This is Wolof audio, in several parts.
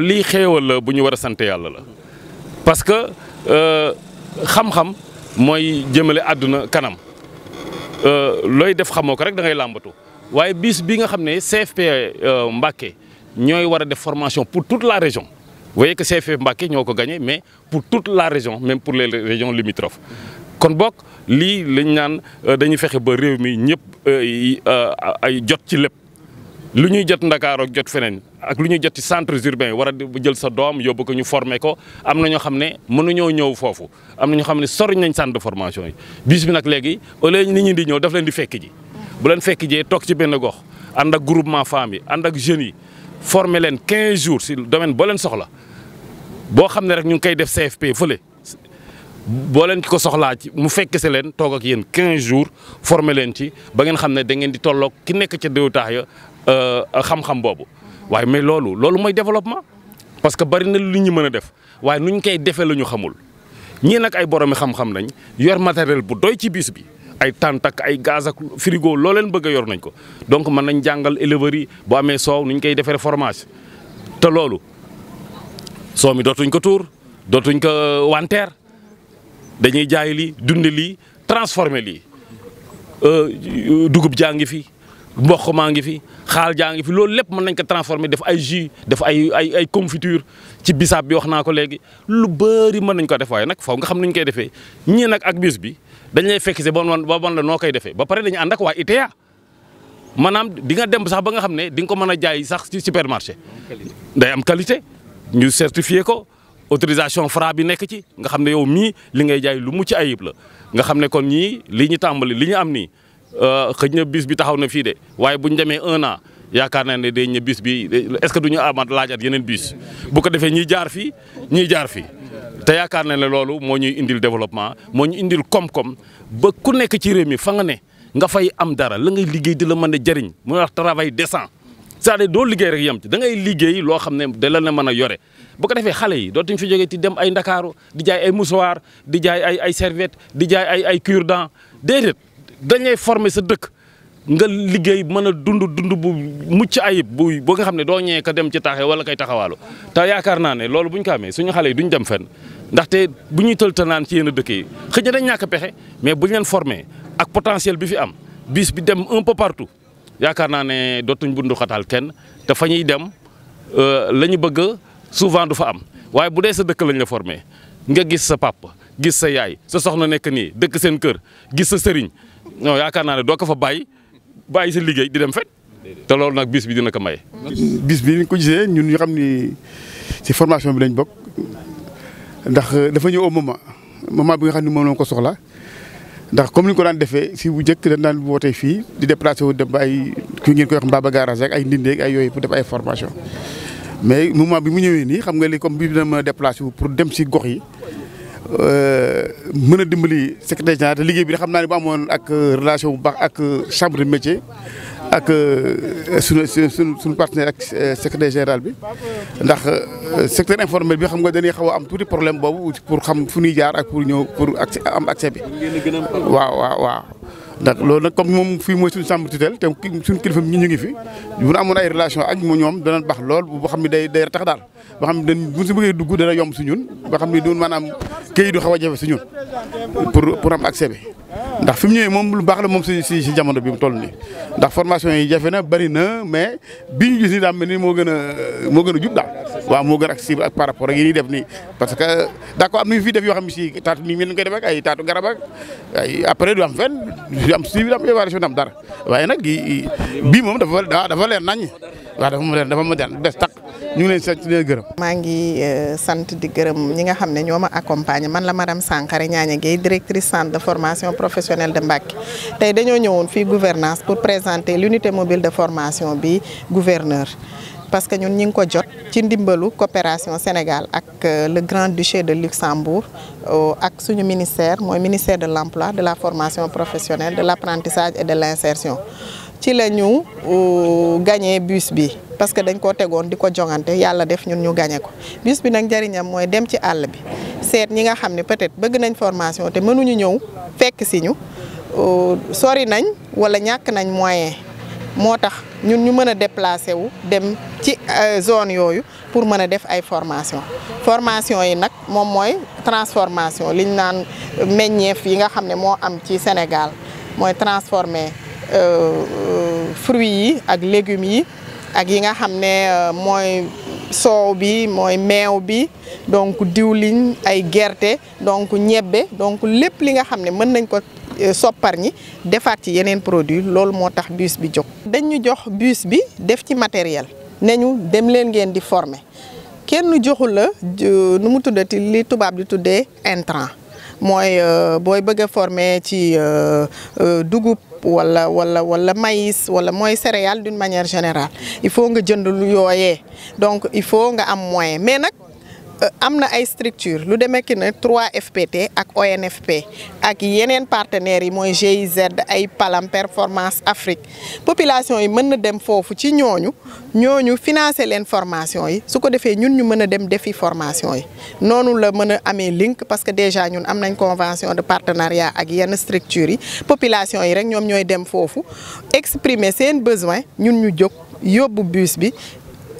lii xéewal la bu ñu war a sant yàlla la parce que euh, xam-xam mooy jëmale àdduna kanam euh, looy def xamoo ko rek da ngay làmbatu waaye bis bi nga xam ne CFP euh, Mbacké ñooy war a def formation pour toute la région vous voyez que CFP Mbacké ñoo ko gagné mais pour toute la région même pour les région limitrophes kon bokk lii lañ naan dañuy fexe ba réew mi ñëpp ay jot ci lépp lu ñuy jot Ndakaaru jot feneen ak lu ñuy jot ci centres urbains war a jël sa doom yóbbu ko ñu former ko am na ñoo xam ne mënuñoo ñëw foofu am na ñu xam ne sori nañ sant de formation yi bis bi nag léegi au lieu nit ñi di ñëw daf leen di fekk ji bu leen fekk jee toog ci benn gox ànd ak groupement femmes yi ànd ak jeunes yi former leen 15 jours si domaine boo leen soxla boo xam ne rek ñu ngi koy def CFP fële boo leen ko soxlaa ci mu fekk si leen toog ak yéen 15 jours former leen ci ba ngeen xam ne da ngeen di tolloog ki nekk ca déwtaax ya Euh, xam-xam boobu waaye mais loolu loolu mooy développement parce que bari na lu ñu mën a def waaye nu ñu koy defee la ñu xamul ñii nag ay boromi xam-xam lañ yor matériel bu doy ci biis bi ay tànt ay gaz ak frigo loo leen bëgg a yor nañ ko donc mën nañ jàngal éleveurs yi bu amee soow nu ñu koy defee formage te loolu soow mi dootuñ ko tuur dootuñ ko euh, wanteer dañuy jaay lii dund lii transformer lii euh, dugub jaa ngi fi. mboq maa ngi fi xaal jaa ngi fi loolu lépp mën nañ ko transformer def ay jus def ay ay ay confiture ci bissaab bi wax naa ko léegi lu bëri mën nañ ko def waaye nag faw nga xam nuñ koy defee ñii nag ak bi dañ lay fekk si ba bon la noo koy defee ba pare dañ ànd ak waa ITEA maanaam di nga dem sax ba nga xam ne di nga ko mën a jaay sax ci supermarché day am qualité ñu certifié ko autorisation Fra bi nekk ci nga xam ne yow mii li ngay jaay lu mucc ayib la nga xam ne kon ñii li ñu tàmbali li ñu am nii Euh, xëj na bis bi taxaw na fii de waaye bu ñu demee un an yaakaar naa ne dee ne bi est-ce que du ñu amaat laajaat yeneen bis bu ko defee ñiy jaar fi ñiy jaar fii. te yaakaar na ne loolu moo ñuy indil développement moo ñu indil koom-koom ba ku nekk ci réew mi fa nga ne nga fay am dara la ngay liggéey di la mën a jëriñ mu wax travail décent c'est-à-dire doo liggéey rek yam ci da ngay liggéey loo xam ne da la na mën a yore bu ko defee xale yi dootuñ fi jógee ti dem ay ndakaaru di jaay ay mouchoir di jaay ay ay serviette di jaay ay ay cure-dent déedéet dañuy former sa dëkk nga liggéey mën a dund dund bu mucc ayib bu ba nga xam ne doo ñëwee ka dem ca taaxe wala kay taxawaalo te yaakaar naa ne loolu bu ñu ko amee suñu xale yi duñ dem fen ndaxte bu ñuy tël naan ci yenn dëkk yi xëj na ñàkk pexe mais bu ñu leen ak potentiel bi fi am bis bi dem un peu partout yaakaar naa ne dootuñ bundu xataal kenn dafa ñuy dem euh, la ñu bëgg souvent du fa am waaye bu dee sa dëkk lañ la formé nga gis sa papa gis sa yaay sa soxna nekk nii dëkk seen kër gis sa sëriñ non yaakaar naa ne doo ko fa bàyyi bàyyi si liggéey di dem fet te loolu nag bis bi dina ko maye. bis bi ni ko gisee ñun ñu xam ni si formation bi lañ bokk ndax dafa ñëw au moment moment bi nga xam ne moom ko soxla ndax comme ni ko daan defee si bu njëkk dañ daan wootee fii di déplacé wu dem ba ay ku ngeen koy wax Mbaba garage ay ndindeeg ay yooyu pour def ay formation mais moment bi mu ñëwee nii xam nga li comme bi dama déplacé wu pour dem si gox yi. Euh, mën a dimbali secrétaire général te liggéey bi xam naa ne bu amoon ak euh, relation bu baax ak euh, chambre de métier ak sun suñu suñu partenaire ak secrétaire général bi ndax secteur informel bi xam nga dañuy xaw am tuuti problème boobu pour xam fu ñuy jaar ak pour ñëw pour accès am accès bi. waaw waaw waaw. ndax loolu nag comme moom fii mooy suñu chambre tutelle te suñu kilifa ñi ñu ngi fi bu amoon ay relation ak ñoom danañ baax lool boo xam ne day day tax daal boo xam ne ñu këyit du xaw a jafe si ñun pour pour am accès bi ndax fi mu moom lu baax la moom si si si jamono bi mu toll nii ndax formation yi jafe na bëri na mais bi ñu gis nii daa mel ni moo gën moo gën a jub daal waaw moo gën a accessible ak par rapport ak yi def nii parce que d'accord am fi def yoo xam ne si taatu nii ngeen koy def ak ay taatu garab ak ay après du am fenn du am suivi du am évaluation du am dara waaye nag bii moom dafa dafa leer nañ waaw dafa leer dafa ma des taq ñu ngi leen sant di leen maa ngi euh, sant di gërëm ñi nga xam ne ñoo ma accompagner man la madame Sankharé Niagne Guèye directrice centre de formation professionnelle de Mbacké tey dañoo ñëwoon fii gouvernance pour présenter l'unité mobile de formation bi gouverneur. parce que ñun ñi ngi ko jot ci ndimbalu coopération Sénégal ak euh, le Grand Duché de Luxembourg euh, ak suñu ministère mooy ministère de l'emploi de la formation professionnelle de l'apprentissage et de l'insertion ci la ñu gagné bus bi. parce que dañ koo tegoon di ko jongante yàlla def ñun ñu gañe ko bus bi nag njëriñam mooy dem ci àll bi seet ñi nga xam ne peut-être bëgg nañ formation te mënuñu ñëw fekk si ñu euh, sori nañ wala ñàkk nañ moyen moo tax ñun ñu mën a déplacé wu dem ci euh, zone yooyu pour mën a def ay formation formation yi nag moom mooy transformation liñ naan meññeef yi nga xam ne moo am ci Sénégal mooy transformer euh, fruits yi ak légumes yi ak yi nga xam ne euh, mooy soow bi mooy meew bi donc diwliñ ay gerte donc ñebbe donc lépp li nga xam ne mën nañ ko euh, soppar ñi defaat ci yeneen produit loolu moo tax bus bi jóg dañ ñu jox bus bi def ci matériel ne ñu dem leen ngeen di former kenn joxul la nu mu tuddati li tubaab di tuddee intrant mooy euh, booy bëgg a former ci dugub wala wala wala maïs wala mooy céréale d'une manière générale il faut nga jënd lu yooyee donc il faut nga am moyen mais nag Euh, am na ay structure lu demee ki ne 3FPT ak ONFP ak yeneen partenaires yi mooy GIZ ay Palam Performance Afrique population yi mën na dem foofu ci ñooñu ñooñu financer leen formation yi su ko defee ñun ñu mën a dem defi formation yi noonu la mën a amee link parce que déjà ñun am nañ convention de partenariat ak yenn structures yi population yi rek ñoom ñooy dem foofu exprimer seen besoin ñun ñu jóg yóbbu bus bi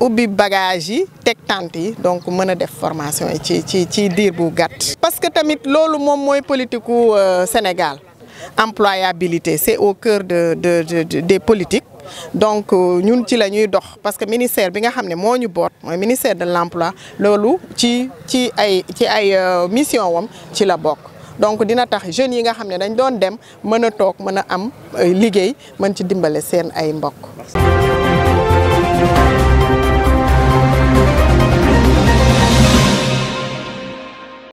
ubbi bagage yi teg tente yi donc mën a def formation yi ci ci ci diir bu gàtt. parce que tamit loolu moom mooy politique u euh, Sénégal employabilité c'est au cœur de de des politiques. donc euh, ñun ci la ñuy dox parce que ministère bi nga xam ne moo ñu boot mooy ministère de l'emploi loolu ci ci ay ci ay euh, mission wam ci la bokk donc dina tax jeunes yi nga xam ne dañ doon dem mën a toog mën a am liggéey mën ci dimbale seen ay mbokk